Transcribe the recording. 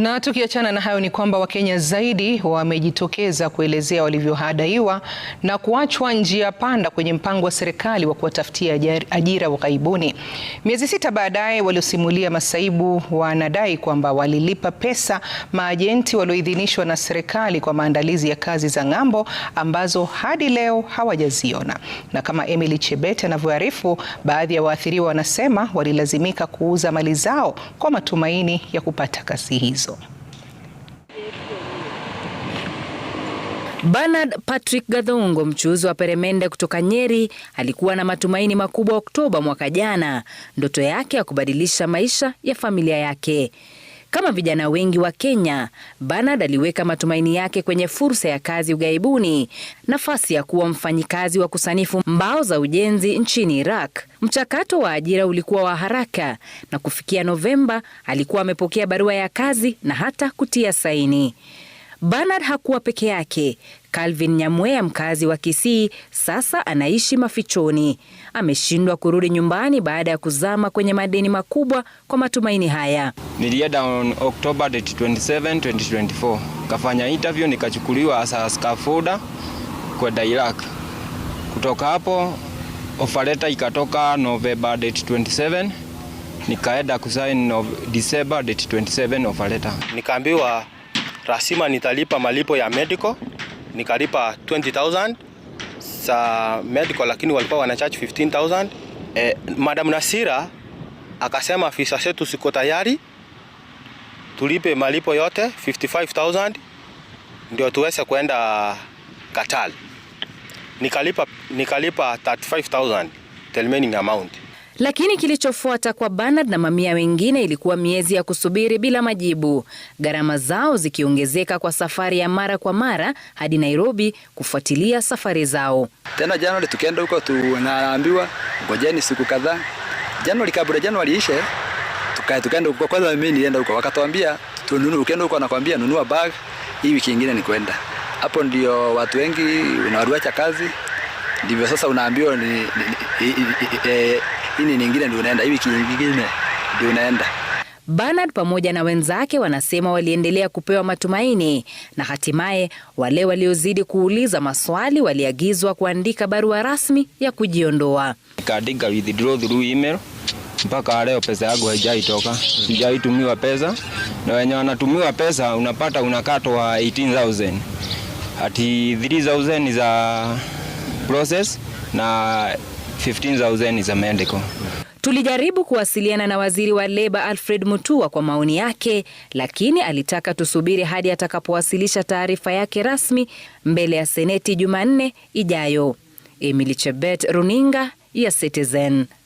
Na tukiachana na hayo ni kwamba Wakenya zaidi wamejitokeza kuelezea walivyohadaiwa na kuachwa njia panda kwenye mpango wa serikali wa kuwatafutia ajira ughaibuni. Miezi sita baadaye, waliosimulia masaibu wanadai kwamba walilipa pesa maajenti walioidhinishwa na serikali kwa maandalizi ya kazi za ng'ambo ambazo hadi leo hawajaziona. Na kama Emily Chebet anavyoarifu, baadhi ya waathiriwa wanasema walilazimika kuuza mali zao kwa matumaini ya kupata kazi hizo. Kristo. Bernard Patrick Gathongo, mchuuzi wa peremende kutoka Nyeri, alikuwa na matumaini makubwa Oktoba mwaka jana, ndoto yake ya kubadilisha maisha ya familia yake. Kama vijana wengi wa Kenya, Bernard aliweka matumaini yake kwenye fursa ya kazi ughaibuni, nafasi ya kuwa mfanyikazi wa kusanifu mbao za ujenzi nchini Iraq. Mchakato wa ajira ulikuwa wa haraka na kufikia Novemba alikuwa amepokea barua ya kazi na hata kutia saini. Bernard hakuwa peke yake. Calvin Nyamwea, mkazi wa Kisii, sasa anaishi mafichoni. Ameshindwa kurudi nyumbani baada ya kuzama kwenye madeni makubwa kwa matumaini haya. Nilienda on October 27, 2024. Kafanya interview nikachukuliwa as scaffolder kwa Iraq. Kutoka hapo offer letter ikatoka November 27, nikaenda kusign December 27 a letter. Nikaambiwa rasima nitalipa malipo ya medical nikalipa 20000 sa medical, lakini walikuwa charge 15000. Eh, Madam Nasira akasema afisa zetu siko tayari tulipe malipo yote 55000 ndio tuweze kwenda Qatar. Nikalipa, nikalipa 35000 remaining amount. Lakini kilichofuata kwa Bernard na mamia wengine ilikuwa miezi ya kusubiri bila majibu, gharama zao zikiongezeka kwa safari ya mara kwa mara hadi Nairobi kufuatilia safari zao. Tena Januari tukienda huko tunaambiwa ngojeni siku kadhaa. Januari kabla Januari ishe tukaenda huko kwanza, mimi nilienda huko wakatuambia tununu, ukienda huko anakuambia nunua bag hii, wiki nyingine ni kwenda hapo. Ndio watu wengi wanawaacha kazi, ndivyo sasa unaambiwa ni, ni, ni, ni, ni, ni, ni, ni, e, ni, ini nyingine ndio unaenda hivi kingine ndio unaenda. Bernard pamoja na wenzake wanasema waliendelea kupewa matumaini na hatimaye wale waliozidi kuuliza maswali waliagizwa kuandika barua rasmi ya kujiondoa. Nikaandika withdraw through email mpaka leo pesa yangu haijaitoka, sijaitumiwa pesa, na wenye wanatumiwa pesa unapata unakatwa 18000 ati 3000 za process na 15,000 is a medical. Tulijaribu kuwasiliana na waziri wa leba Alfred Mutua kwa maoni yake, lakini alitaka tusubiri hadi atakapowasilisha taarifa yake rasmi mbele ya seneti Jumanne ijayo. Emily Chebet, runinga ya Citizen.